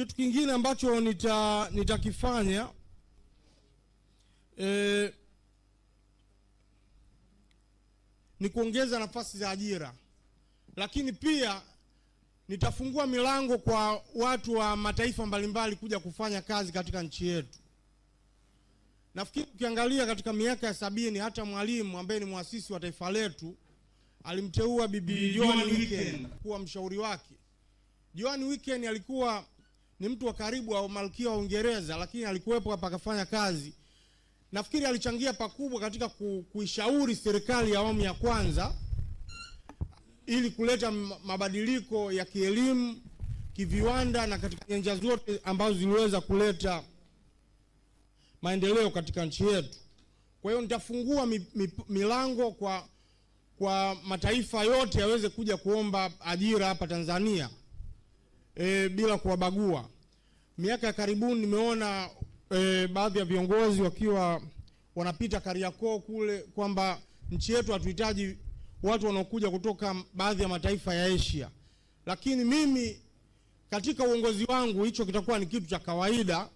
Kitu kingine ambacho nita nitakifanya e, ni kuongeza nafasi za ajira, lakini pia nitafungua milango kwa watu wa mataifa mbalimbali kuja kufanya kazi katika nchi yetu. Nafikiri ukiangalia katika miaka ya sabini hata Mwalimu ambaye ni mwasisi wa taifa letu alimteua Bibi Joan Weekend kuwa mshauri wake. Joan Weekend alikuwa ni mtu wa karibu wa malkia wa Uingereza, lakini alikuwepo hapa akafanya kazi. Nafikiri alichangia pakubwa katika ku, kuishauri serikali ya awamu ya kwanza ili kuleta mabadiliko ya kielimu, kiviwanda na katika nyanja zote ambazo ziliweza kuleta maendeleo katika nchi yetu. Kwa hiyo nitafungua mi, mi, milango kwa, kwa mataifa yote yaweze kuja kuomba ajira hapa Tanzania e, bila kuwabagua. Miaka ya karibuni nimeona e, baadhi ya viongozi wakiwa wanapita Kariakoo kule kwamba nchi yetu hatuhitaji watu wanaokuja kutoka baadhi ya mataifa ya Asia, lakini mimi katika uongozi wangu hicho kitakuwa ni kitu cha kawaida,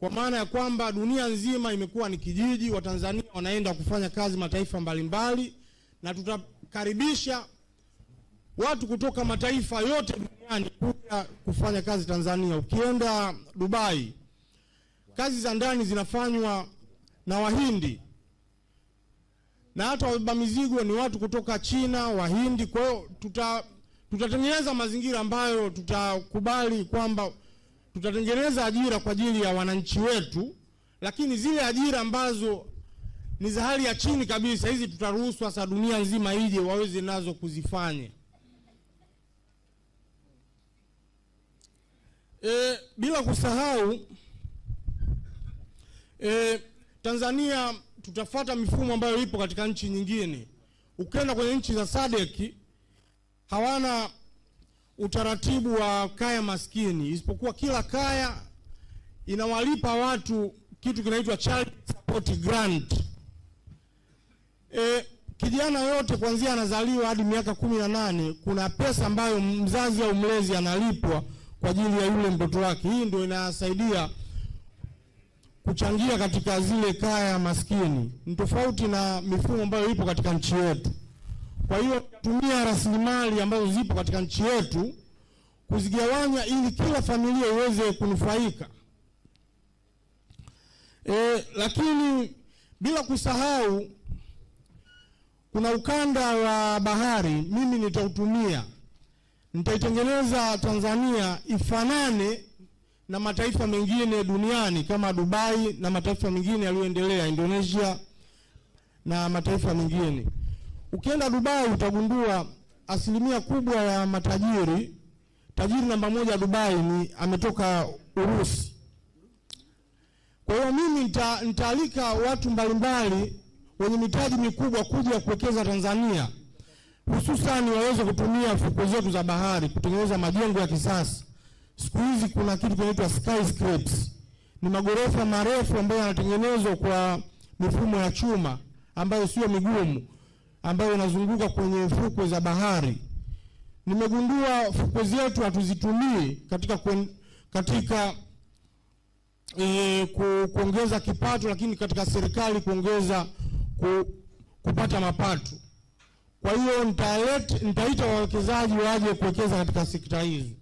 kwa maana ya kwamba dunia nzima imekuwa ni kijiji. Watanzania wanaenda kufanya kazi mataifa mbalimbali, na tutakaribisha watu kutoka mataifa yote duniani kuja kufanya kazi Tanzania. Ukienda Dubai, kazi za ndani zinafanywa na Wahindi na hata wabeba mizigo ni watu kutoka China, Wahindi. Kwa hiyo tuta tutatengeneza mazingira ambayo tutakubali kwamba tutatengeneza ajira kwa ajili ya wananchi wetu, lakini zile ajira ambazo ni za hali ya chini kabisa, hizi tutaruhusu sasa dunia nzima ije waweze nazo kuzifanya. E, bila kusahau e, Tanzania tutafata mifumo ambayo ipo katika nchi nyingine. Ukienda kwenye nchi za SADC hawana utaratibu wa kaya maskini, isipokuwa kila kaya inawalipa watu kitu kinaitwa child support grant. E, kijana yote kuanzia anazaliwa hadi miaka kumi na nane kuna pesa ambayo mzazi au mlezi analipwa kwa ajili ya yule mtoto wake. Hii ndio inasaidia kuchangia katika zile kaya maskini, ni tofauti na mifumo ambayo ipo katika nchi yetu. Kwa hiyo tumia rasilimali ambazo zipo katika nchi yetu kuzigawanya ili kila familia iweze kunufaika. E, lakini bila kusahau kuna ukanda wa bahari, mimi nitautumia Nitaitengeneza Tanzania ifanane na mataifa mengine duniani kama Dubai na mataifa mengine yaliyoendelea, Indonesia na mataifa mengine. Ukienda Dubai utagundua asilimia kubwa ya matajiri, tajiri namba moja Dubai ni ametoka Urusi. Kwa hiyo mimi nitaalika watu mbalimbali wenye mitaji mikubwa kuja kuwekeza Tanzania hususani waweze kutumia fukwe zetu za bahari kutengeneza majengo ya kisasa. Siku hizi kuna kitu kinaitwa skyscrapers, ni magorofa marefu ambayo yanatengenezwa kwa mifumo ya chuma ambayo sio migumu, ambayo inazunguka kwenye fukwe za bahari. Nimegundua fukwe zetu hatuzitumii katika kwen, katika e, ku, kuongeza kipato, lakini katika serikali kuongeza ku, kupata mapato. Kwa hiyo nitaita wawekezaji waje kuwekeza katika sekta hizi.